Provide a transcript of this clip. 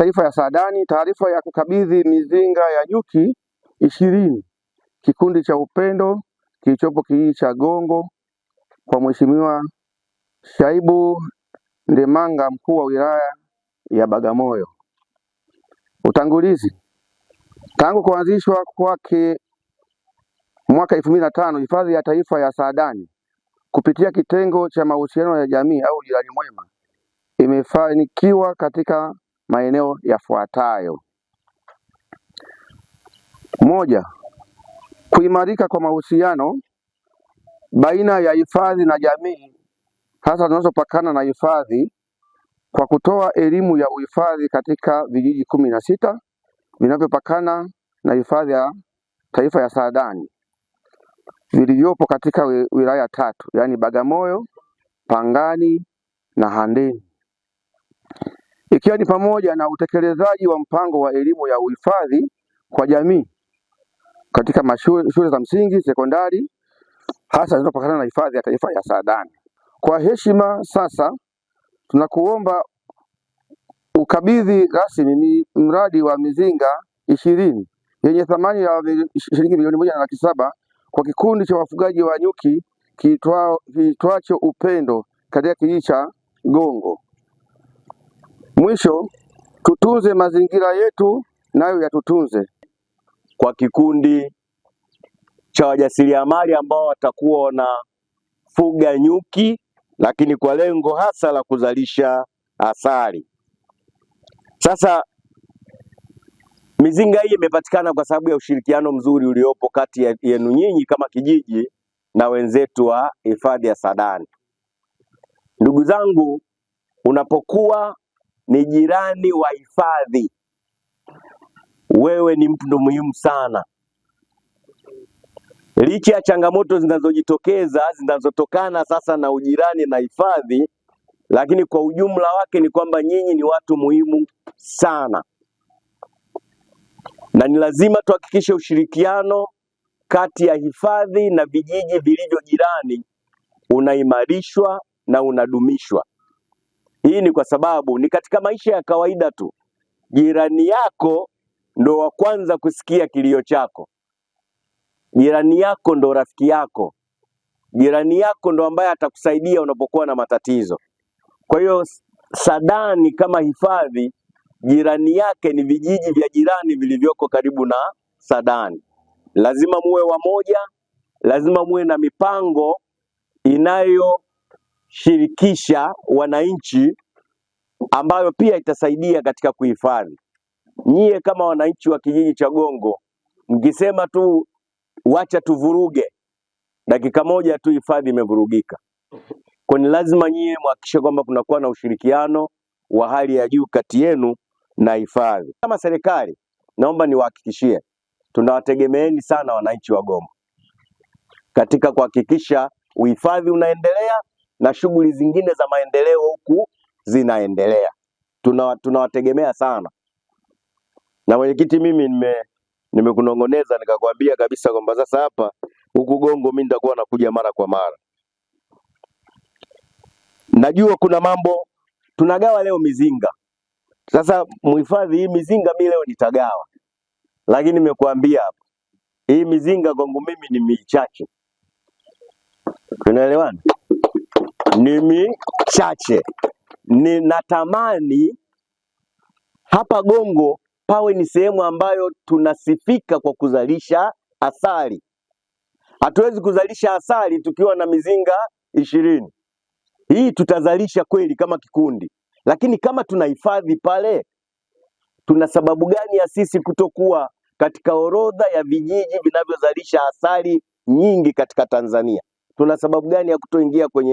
Taifa ya Saadani taarifa ya kukabidhi mizinga ya nyuki ishirini kikundi cha upendo kilichopo kijiji cha Gongo kwa Mheshimiwa Shaibu Ndemanga, mkuu wa wilaya ya Bagamoyo. Utangulizi. Tangu kuanzishwa kwake mwaka elfu mbili na tano, hifadhi ya taifa ya Saadani kupitia kitengo cha mahusiano ya jamii au jirani mwema imefanikiwa katika maeneo yafuatayo: moja, kuimarika kwa mahusiano baina ya hifadhi na jamii hasa zinazopakana na hifadhi kwa kutoa elimu ya uhifadhi katika vijiji kumi na sita vinavyopakana na hifadhi ya taifa ya Saadani vilivyopo katika wilaya tatu yaani Bagamoyo, Pangani na Handeni ikiwa ni pamoja na utekelezaji wa mpango wa elimu ya uhifadhi kwa jamii katika mashule, shule za msingi, sekondari hasa zinazopakana na hifadhi ya taifa ya Saadani. Kwa heshima sasa tunakuomba ukabidhi rasmi ni mradi wa mizinga ishirini yenye thamani ya shilingi milioni moja na laki saba kwa kikundi cha wafugaji wa nyuki kiitwacho Upendo katika kijiji cha Gongo. Mwisho, tutunze mazingira yetu nayo yatutunze. Kwa kikundi cha wajasiriamali ambao watakuwa wanafuga nyuki, lakini kwa lengo hasa la kuzalisha asali. Sasa mizinga hii imepatikana kwa sababu ya ushirikiano mzuri uliopo kati yenu nyinyi kama kijiji na wenzetu wa hifadhi ya Saadani. Ndugu zangu, unapokuwa ni jirani wa hifadhi, wewe ni mtu muhimu sana. Licha ya changamoto zinazojitokeza zinazotokana sasa na ujirani na hifadhi, lakini kwa ujumla wake ni kwamba nyinyi ni watu muhimu sana, na ni lazima tuhakikishe ushirikiano kati ya hifadhi na vijiji vilivyo jirani unaimarishwa na unadumishwa. Hii ni kwa sababu ni katika maisha ya kawaida tu, jirani yako ndo wa kwanza kusikia kilio chako, jirani yako ndo rafiki yako, jirani yako ndo ambaye atakusaidia unapokuwa na matatizo. Kwa hiyo Sadani kama hifadhi, jirani yake ni vijiji vya jirani vilivyoko karibu na Sadani. Lazima muwe wamoja, lazima muwe na mipango inayo shirikisha wananchi, ambayo pia itasaidia katika kuhifadhi. Nyie kama wananchi wa kijiji cha Gongo mkisema tu wacha tuvuruge, dakika moja tu hifadhi imevurugika. Kwa ni lazima nyie muhakikishe kwamba kunakuwa na ushirikiano wa hali ya juu kati yenu na hifadhi. Kama serikali, naomba niwahakikishie tunawategemeeni sana wananchi wa Gongo katika kuhakikisha uhifadhi unaendelea na shughuli zingine za maendeleo huku zinaendelea. Tunawategemea tuna sana. Na mwenyekiti, mimi nime nimekunong'oneza nikakwambia kabisa kwamba sasa hapa huku Gongo mimi nitakuwa nakuja mara kwa mara. Najua kuna mambo tunagawa leo mizinga. Sasa mhifadhi hii mizinga mimi leo nitagawa, lakini nimekuambia hapa hii mizinga kwangu mimi ni michache. Tunaelewana? ni michache. Ninatamani hapa Gongo pawe ni sehemu ambayo tunasifika kwa kuzalisha asali. Hatuwezi kuzalisha asali tukiwa na mizinga ishirini. Hii tutazalisha kweli kama kikundi, lakini kama tunahifadhi pale, tuna sababu gani ya sisi kutokuwa katika orodha ya vijiji vinavyozalisha asali nyingi katika Tanzania? Tuna sababu gani ya kutoingia kwenye